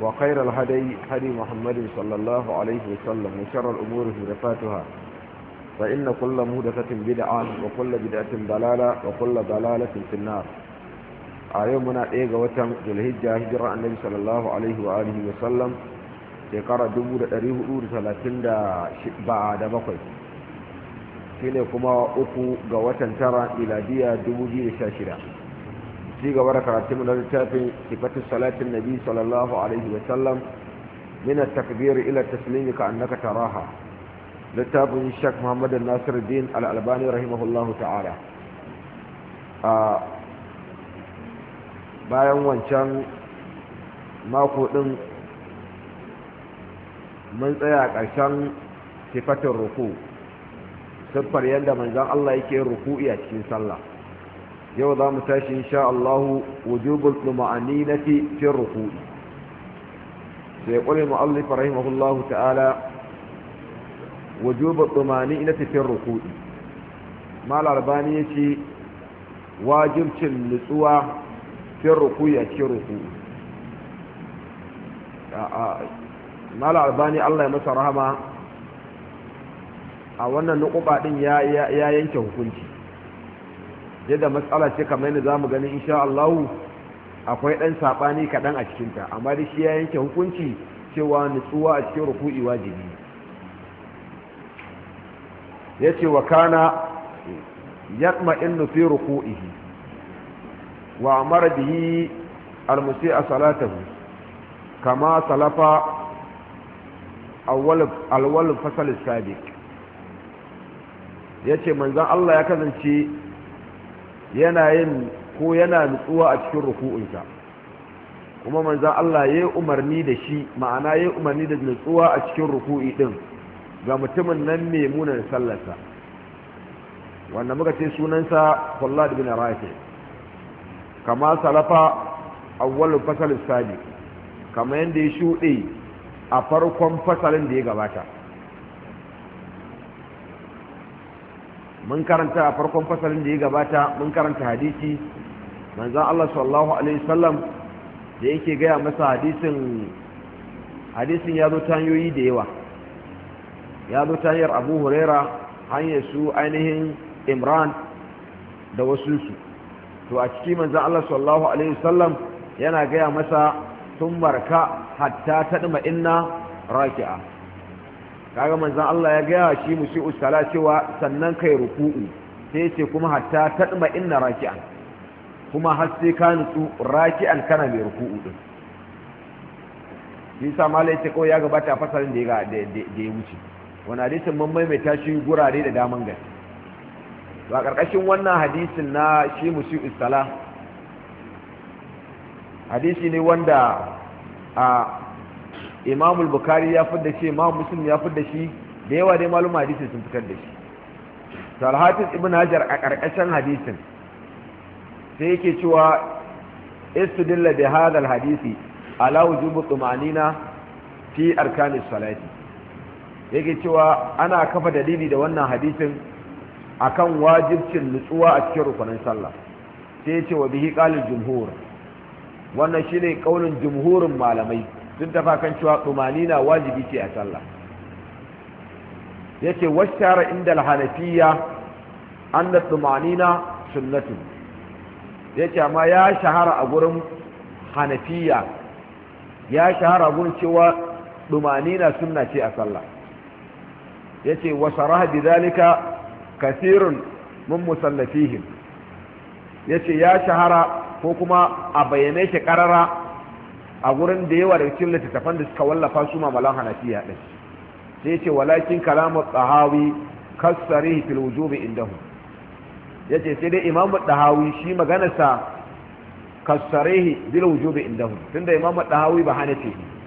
وخير الهدي هدي محمد صلى الله عليه وسلم وشر الأمور مهدفاتها فإن كل مهدفة بدعة وكل بدعة ضلالة وكل ضلالة في النار أيومنا إيغا وتم ذو الهجة هجرة النبي صلى الله عليه وآله وسلم شكرا دبور أريه أور ثلاثين دا شبعة دا بقي شيني كما أكو غوة ترى إلى ديا دبور شاشرة ci gaba da karatun na littafin sifatin salatin nabi sallallahu alaihi wa sallam min at-takbir ila taslimi ka annaka taraha littafin shak Muhammad Nasiruddin Al-Albani rahimahullahu ta'ala bayan wancan mako din mun tsaya ƙarshen sifatin ruku siffar yadda manzon Allah yake ruku'i a cikin sallah yau za mu tashi insha Allah wujubul tuma'aninati fi ruku sai qul mu'allif rahimahullahu ta'ala wujubul tuma'aninati fi ruku mal arbani yace wajibcin nutsuwa fi ruku a ci ruku mal albani Allah ya masa rahama a wannan nukuba din ya yanke hukunci yadda matsala ce kamar yadda za mu gani insha Allah akwai ɗan saɓani kaɗan a cikinta amma da shi ya yanke hukunci cewa nutsuwa a cikin ruku'i wajibi ya ce wa kana yaɗma in fi ruku'ihi wa mara bihi almusi a salatahu kama salafa alwalin fasalin sabiq ya ce manzan Allah ya kazance. yana yin ko yana nutsuwa a cikin ruku'unsa kuma manzan Allah ya yi umarni da shi ma'ana ya yi umarni da nutsuwa a cikin ruku'i din ga mutumin nan mai munan sallarsa wanda muka ce sunansa Kullad bin Rafi kama salafa awwalul fasal sadi kama yanda ya shuɗe a farkon fasalin da ya gabata mun karanta a farkon fasalin da ya gabata mun karanta hadisi manzan Allah sallallahu alaihi wasallam da yake gaya masa hadisin hadisin ya zo ta hanyoyi da yawa ya zo ta hanyar abu huraira hanyar su ainihin imran da wasu su to a ciki manzan Allah sallallahu alaihi wasallam yana gaya masa sun marka hatta taɗa inna raki'a kaga manzon Allah ya gaya shi musu sala cewa sannan kai ruku'u sai ce kuma hatta tadma inna raki'an kuma har sai ka nutsu raki'an kana mai ruku'u din sa mallai ce ko ya gabata a fasalin da ya da ya wuce wani hadisin mun maimaita shi gurare da daman gaske to a karkashin wannan hadisin na shi musu sala hadisi ne wanda a imam al-bukhari ya fitar shi imam muslim ya fi da shi da yawa dai malum hadisi sun fitar da shi salhatis ibn hajar a karkashin hadisin sai yake cewa istidilla bi hadal hadisi ala wujubi tumanina fi arkanis salati yake cewa ana kafa dalili da wannan hadisin akan wajibcin nutsuwa a cikin rukunin sallah sai ya ce wa bihi qalil jumhur wannan shine kaulin jumhurin malamai sun tafa kan cewa na wajibi ce a sallah yace washara inda al-hanafiya anna tumanina sunnatu yace amma ya shahara a gurin hanafiya ya shahara gun cewa tumanina sunna ce a sallah yace wasaraha bidhalika zalika min musallafihim yace ya shahara ko kuma a bayyane shi karara a gurin da yawa daga cikin littattafan da suka wallafa su mamalan hanafiya din sai ce walakin kalamu tsahawi kasarihi fil wujubi indahu yace sai dai imamu tsahawi shi maganarsa kasarihi bil wujubi indahu tunda imamu tsahawi ba hanafi